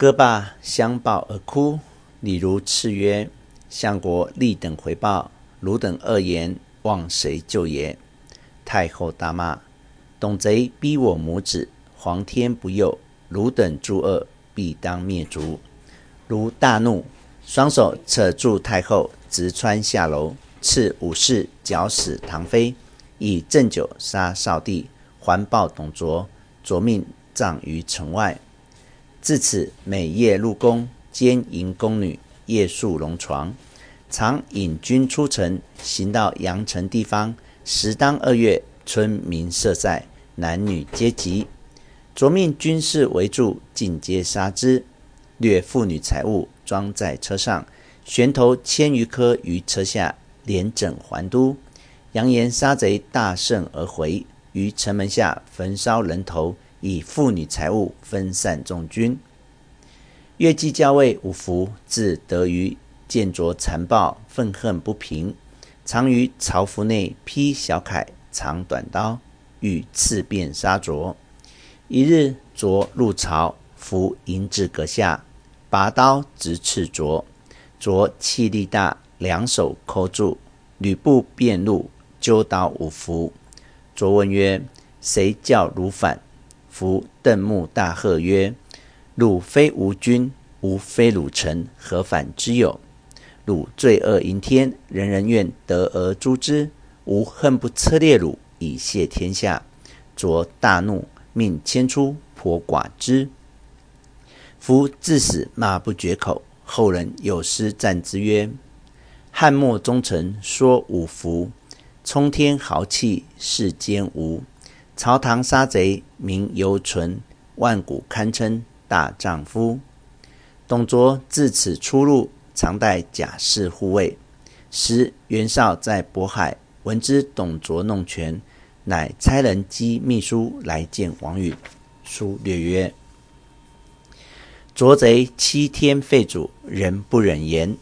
歌罷，相抱而哭。李儒叱曰：“相國立等回報，汝等惡言，望誰救耶？”太后大罵：“董賊逼我母子，皇天不佑，汝等諸惡，必當滅族！”如大怒，雙手扯住太後，直竄下樓，叱武士絞死唐妃，以鴆酒殺少帝，還報董卓，卓命葬於城外。自此，每夜入宮，姦淫宮女，夜宿龍床。常引軍出城，行到陽城地方，時當二月，村民社賽，男女皆集。卓命軍士圍住，盡皆殺之，掠婦女財物，裝在車上，懸頭千餘顆於車下，連整還都。揚言殺賊大勝而回，於城門下焚燒人頭。以婦女財物分散眾軍。越騎校尉伍孚，字德瑜，見卓殘暴，憤恨不平，常於朝服內披小鎧，藏短刀，欲刺便殺卓。一日，卓入朝，孚迎至閣下，拔刀直刺卓。卓氣力大，兩手扣住，呂布便到，揪倒伍孚。卓問曰：“誰教汝反？”夫鄧目大喝曰：“汝非吾君，吾非汝臣，何反之有？汝罪惡盈天，人人願得而誅之。吾恨不車裂汝，以謝天下。”卓大怒，命牽出剖剮之。夫至死罵不絕口。後人有詩讚之曰：“漢末忠臣說五福，衝天豪氣世間無。”朝堂殺賊名猶存，萬古堪稱大丈夫。董卓自此出入，常帶甲士護衛。時袁紹在渤海，聞知董卓弄權，乃差人齎密書來見王允。書略曰：“卓賊欺天廢主，人不忍言；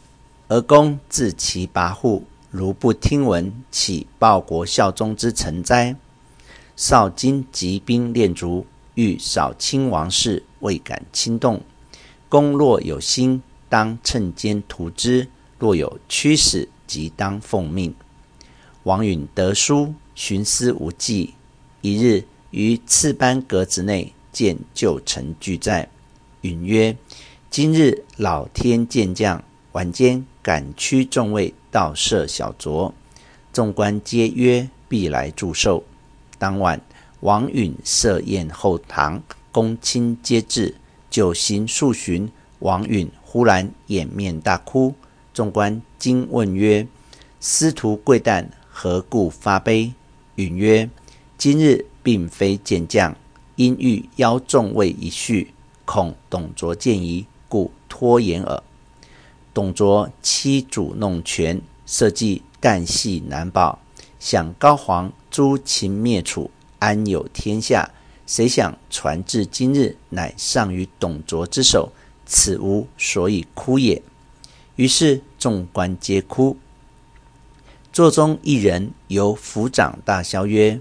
而公自其跋扈，如不聽聞，豈報國效忠之臣哉？”少金集兵練卒，欲掃清王室，未敢輕動。公若有心，當趁間圖之；若有驅使，即當奉命。王允得書，尋思無計。一日於次班閣子內見舊臣俱在，允曰：“今日老天健將，晚間趕驅眾位到舍小酌。”眾官皆曰：“必來祝壽。”當晚，王允設宴後堂，公卿皆至。酒行數巡，王允忽然掩面大哭。眾官驚問曰：“司徒貴誕何故發悲？”允曰：“今日並非見將，因欲邀眾位一敘，恐董卓見疑，故拖延耳。董卓欺主弄權，社稷旦夕難保。”想高皇誅秦滅楚，安有天下？誰想傳至今日，乃喪於董卓之手，此吾所以哭也。於是眾官皆哭。座中一人由撫掌大笑曰：“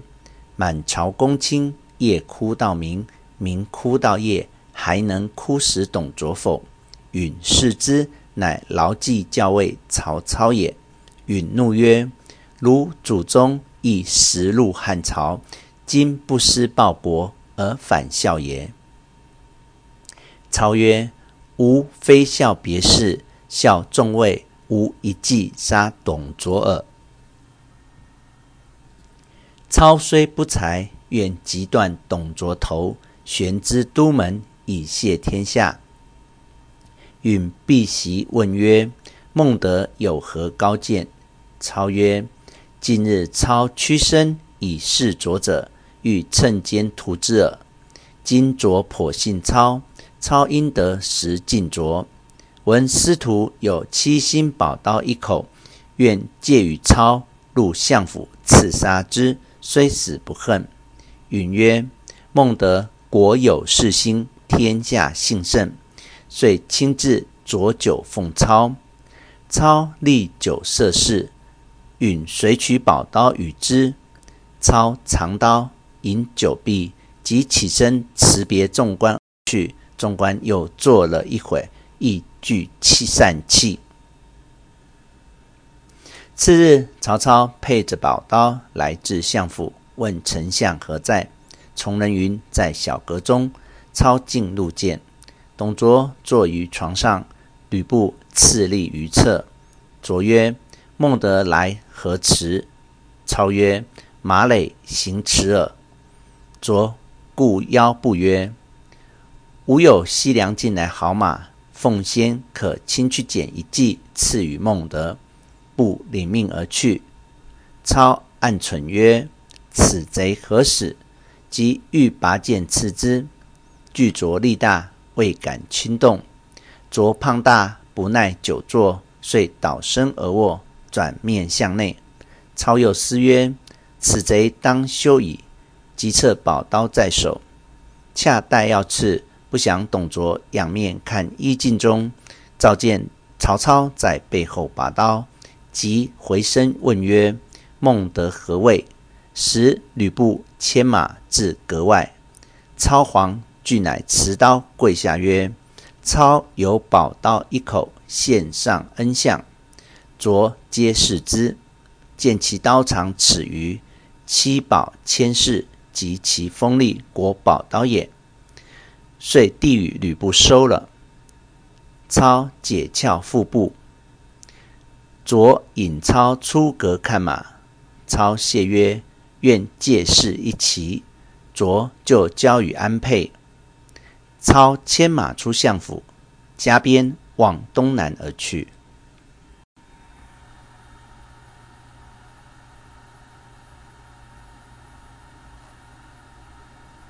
滿朝公卿，夜哭到明，明哭到夜，還能哭死董卓否？”允視之，乃牢記校尉曹操也。允怒曰：如祖宗以食祿漢朝，今不思報國而反笑耶？操曰：“吾非笑別事，笑眾位無一計殺董卓耳。”操雖不才，願即斷董卓頭，懸之都門，以謝天下。允避席，問曰：“孟德有何高見？”操曰。近日操屈身以事卓者，欲乘間圖之耳。今卓頗信操，操因得時近卓。聞司徒有七星寶刀一口，願借與操入相府刺殺之，雖死不恨。允曰：“孟德果有是心，天下幸甚。”遂親自酌酒奉操。操瀝酒設誓。允隨取寶刀與之，操長刀飲酒畢，即起身辭別眾官而去。眾官又坐了一會，亦聚氣散氣。次日，曹操佩着寶刀來至相府，問丞相何在。從人云：“在小閣中。”操徑入見，董卓坐於床上，呂布次立於側。卓曰。孟德來何遲？操曰：“馬累行遲耳。”卓故邀不曰：“吾有西涼進來好馬，奉先可親去撿一騎賜予孟德。”不領命而去。操暗忖曰：“此賊何使？”即欲拔劍刺之，懼卓力大，未敢輕動。卓胖大，不耐久坐，遂倒身而臥。轉面向內，操又思曰：“此賊當休矣。”即掣寶刀在手，恰待要刺，不想董卓仰面看衣鏡中，照見曹操在背後拔刀，即回身問曰：“孟德何為？”時呂布牽馬至閣外，操惶遽，乃持刀跪下曰：“操有寶刀一口，獻上恩相。”卓皆視之，見其刀長尺餘，七寶千世及其鋒利，國寶刀也。遂遞與呂布收了。操解鞘腹部。卓引操出閣看馬。操謝曰：“願借勢一騎。”卓就交與安沛。操牽馬出相府，加鞭往東南而去。